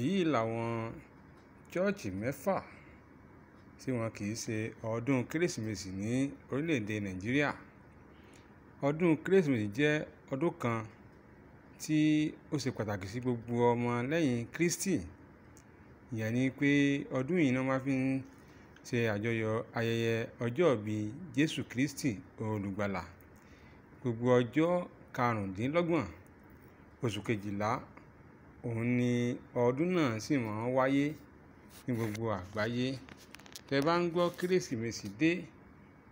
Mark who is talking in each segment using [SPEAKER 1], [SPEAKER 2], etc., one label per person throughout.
[SPEAKER 1] èyí làwọn chọ́ọ̀chì mẹ́fà tí wọn kì í ṣe ọdún kérésìmesì ní orílẹ̀-èdè nàìjíríà ọdún kérésìmesì jẹ́ ọdún kan tí ó ṣe pàtàkì sí gbogbo ọmọ lẹ́yìn kristi ìyẹn ni pé ọdún yìí náà máa fi ń ṣe àjọyọ̀ ayẹyẹ ọjọ́ ìbí jésù kristi olùgbàlà gbogbo ọjọ́ karùndínlọ́gbọ̀n oṣù kejìlá òun ni ọdún náà sì máa ń wáyé ní gbogbo àgbáyé tẹ bá ń gbọ́ kérésìmesì dé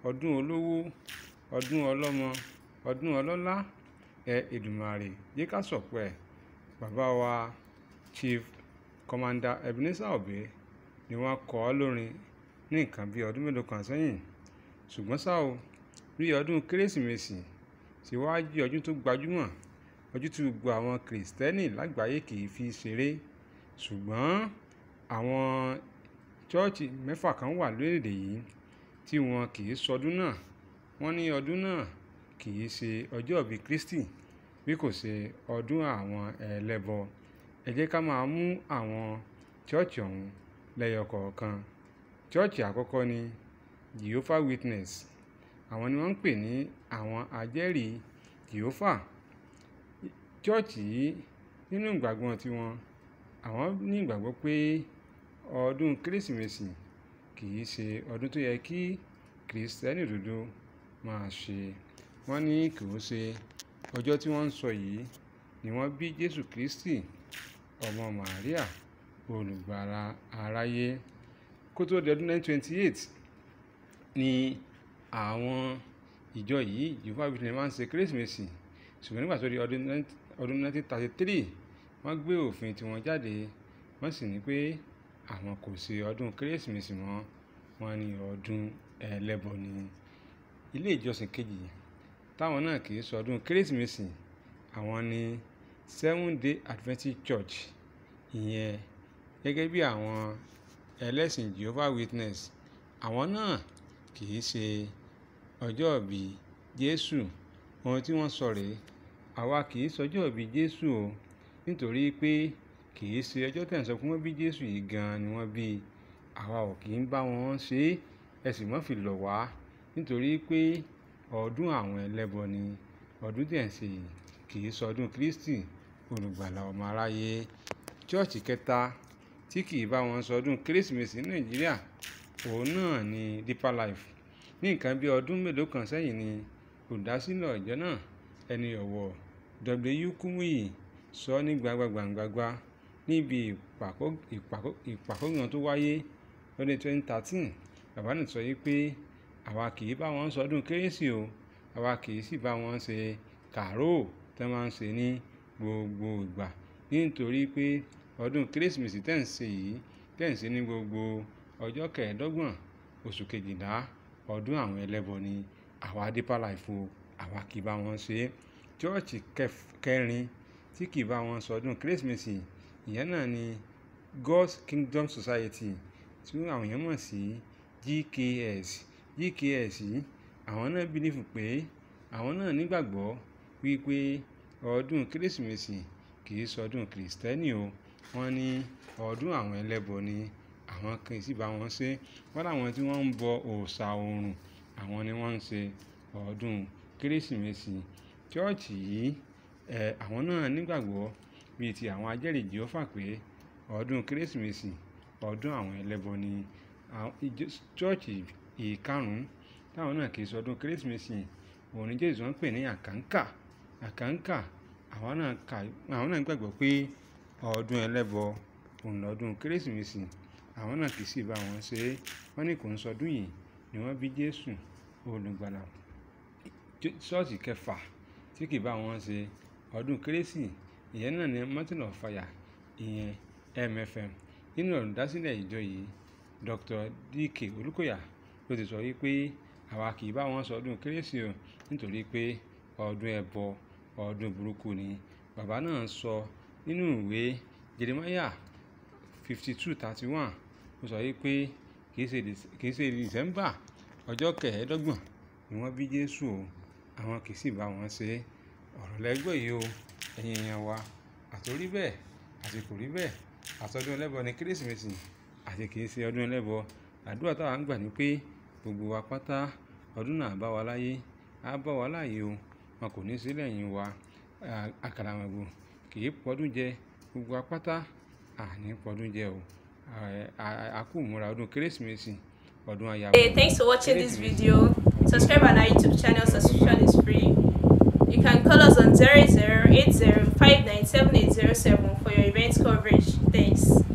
[SPEAKER 1] ọdún olówó ọdún ọlọ́mọ ọdún ọlọ́lá ẹ Èdùmàrè jẹ́ ká sọ̀pọ̀ ẹ̀ bàbá wa Chief Commander Ebenezer Obey ni wọ́n kọ ọ́ lórin ní nǹkan bíi ọdún mélòó kan sẹ́yìn ṣùgbọ́n ṣá o rí ọdún kérésìmesì tí wọ́n á jẹ́ ọdún tó gbajúmọ̀ ọdún tó gbogbo àwọn kìrìsìtẹ́nì lágbàáyé kì í fi ṣeré ṣùgbọ́n àwọn chọ́ọ̀chì mẹ́fà kan wà lórílẹ̀‐èdè yìí tí wọn kì í sọdún náà wọ́n ní ọdún náà kì í ṣe ọjọ́ ìbí Kristi bí kò ṣe ọdún àwọn ẹlẹ́bọ ẹ jẹ́ ká máa mú àwọn chọ́ọ̀chì ọ̀hún lẹ́yọ kọ̀ọ̀kan chọ́ọ̀chì àkọ́kọ́ ni Jehovah Witness àwọn ni wọ́n ń pè ní àwọn ajẹ́rìí Jèhófà chọ́ọ̀chì yìí nínú ìgbàgbọ́ tiwọn àwọn ní ìgbàgbọ́ pé ọdún kérésìmesì kì í ṣe ọdún tó yẹ kí kìrìsìtẹ́nì òdodo máa ṣe wọ́n ní kì í ṣe ọjọ́ tí wọ́n ń sọ yìí ni wọ́n bí Jésù Kristi ọmọ Màríà olùgbàlà aráyé kó tó di ọdún 1928 ni àwọn ìjọ yìí Jehovah Witness máa ń ṣe kérésìmesì ṣùgbọ́n nígbà tó di ọdún 1933 wọ́n gbé òfin tiwọn jáde wọ́n sì ní pé àwọn kò ṣe ọdún kérésìmesì mọ́ wọ́n ní ọdún ẹlẹ́bọ ni ilé ìjọsìn kejì táwọn náà kì í sọ ọdún kérésìmesì àwọn ni Seven Day Adventist Church ìyẹn gẹ́gẹ́ bí àwọn ẹlẹ́sìn Jehovah Witness àwọn náà kì í ṣe Ọjọ́ ìbí Jésù. Ohun tí wọ́n sọ rèé, àwa kì í sọjọ́ ìbí Jésù o, nítorí pé kì í ṣe ọjọ́ tẹ̀ ń sọ pé wọ́n bí Jésù yìí gan-an ni wọ́n bí i. Àwa ò kì í bá wọn ṣe é, ẹ sì má fi lọ̀ wá, nítorí pé ọdún àwọn ẹlẹ́bọ ni. Ọdún tẹ̀ kì í sọdún Kristi, olùgbàlà ọmọ aráyé. Ṣọ́ọ̀ṣì kẹta tí kì í bá wọn sọdún Kérésìmesì Nàìjíríà, òun náà ni Deeper Life. Ní nǹkan bí ọdún mélòó kan sẹ́yìn ni olùdásílẹ̀ ìjọ náà, ẹni ọ̀wọ̀ W. Kumuyi sọ ní gbangba-gbàǹgbàgbà níbi ìpàkóríran tó wáyé lọ́dún 2013. Bàbá náà sọ wípé “Àwa kì í bá wọn ṣọdún Kérésì o, àwa kì í sì bá wọn ṣe kàáròl tí wọ́n máa ń ṣe ní gbogbo ìgbà nítorí pé ọdún Kérésìmesì tẹ̀ ń ṣe yìí, tẹ̀ ń ṣe ní gbogbo ọjọ́ kẹẹ̀ẹ́dọ́gbọ̀n oṣù kejìlá ọdún àwọn ẹlẹ́bọ ni àwa deeper life o àwa kì í bá wọn ṣe é chọ́ọ̀chì kẹrin tí kì í bá wọn sọdún kérésìmesì ìyẹn náà ni God's Kingdom Society tí àwọn èèyàn mọ̀ sí GKS GKS àwọn náà bílífù pé àwọn náà nígbàgbọ́ wípé ọdún kérésìmesì kì í sọdún kìrìsìtẹ́nì o wọ́n ní ọdún àwọn ẹlẹ́bọ ni àwọn kan sì bá wọn ṣe wọ́n láwọn tí wọ́n ń bọ òòṣà oòrùn àwọn ni wọ́n ń ṣe ọdún kérésìmesì chọ́ọ̀chì yìí ẹ̀ àwọn náà nígbàgbọ́ bíi ti àwọn ajẹ́rìí Jèhófà pé ọdún kérésìmesì ọdún àwọn ẹlẹ́bọ ni chọ́ọ̀chì ìkarùn-ún táwọn náà kì í sọdún kérésìmesì òní Jésù ń pè ní àkàǹkà àkàǹkà àwọn náà gbàgbọ́ pé ọdún ẹlẹ́bọ òun lọ́dún kérésìmesì àwọn náà kì í sì bá wọn ṣe é wọ́n ní kò ń sọdún yìí ni wọ́n bí jésù olùgbàlà ṣọ́ọ̀ṣì kẹfà tí kì í bá wọn ṣe ọdún kérésì ìyẹn náà ni mountain of fire ìyẹn mfm nínú olùdásílẹ̀ ìjọ yìí dr dk olùkọ́yà ló ti sọ wípé àwa kì í bá wọn sọdún kérésì o nítorí pé ọdún ẹbọ ọdún burúkú ni bàbá náà sọ nínú ìwé jeremiah fifty two thirty one mo sọ yìí kìí ṣe december ọjọ́ kẹẹ̀ẹ́dọ́gbọ̀n ni wọ́n bí jésù o àwọn kìí sì bá wọn ṣe ọ̀rọ̀ lẹ́gbẹ́ yìí o ẹ̀yin èèyàn wa àtòrí bẹ́ẹ̀ àti kò rí bẹ́ẹ̀ àtọ́dún ẹlẹ́bọ ni kérésìmesì àti kìí ṣe ọdún ẹlẹ́bọ àdúrà táwa gbà ní pé gbogbo wa pátá ọdún náà bá wa láyé á bá wa láàyè o wọn kò ní sílẹ̀ yín wa àkàràmọ̀gbò kìí pọ́dún jẹ gbogbo apáta àní pọ́dún jẹ o hey thanks for watching this video subscribe on our youtube channel subscription is free you can call us on zero zero eight zero five nine seven eight zero seven for your event coverage thanks.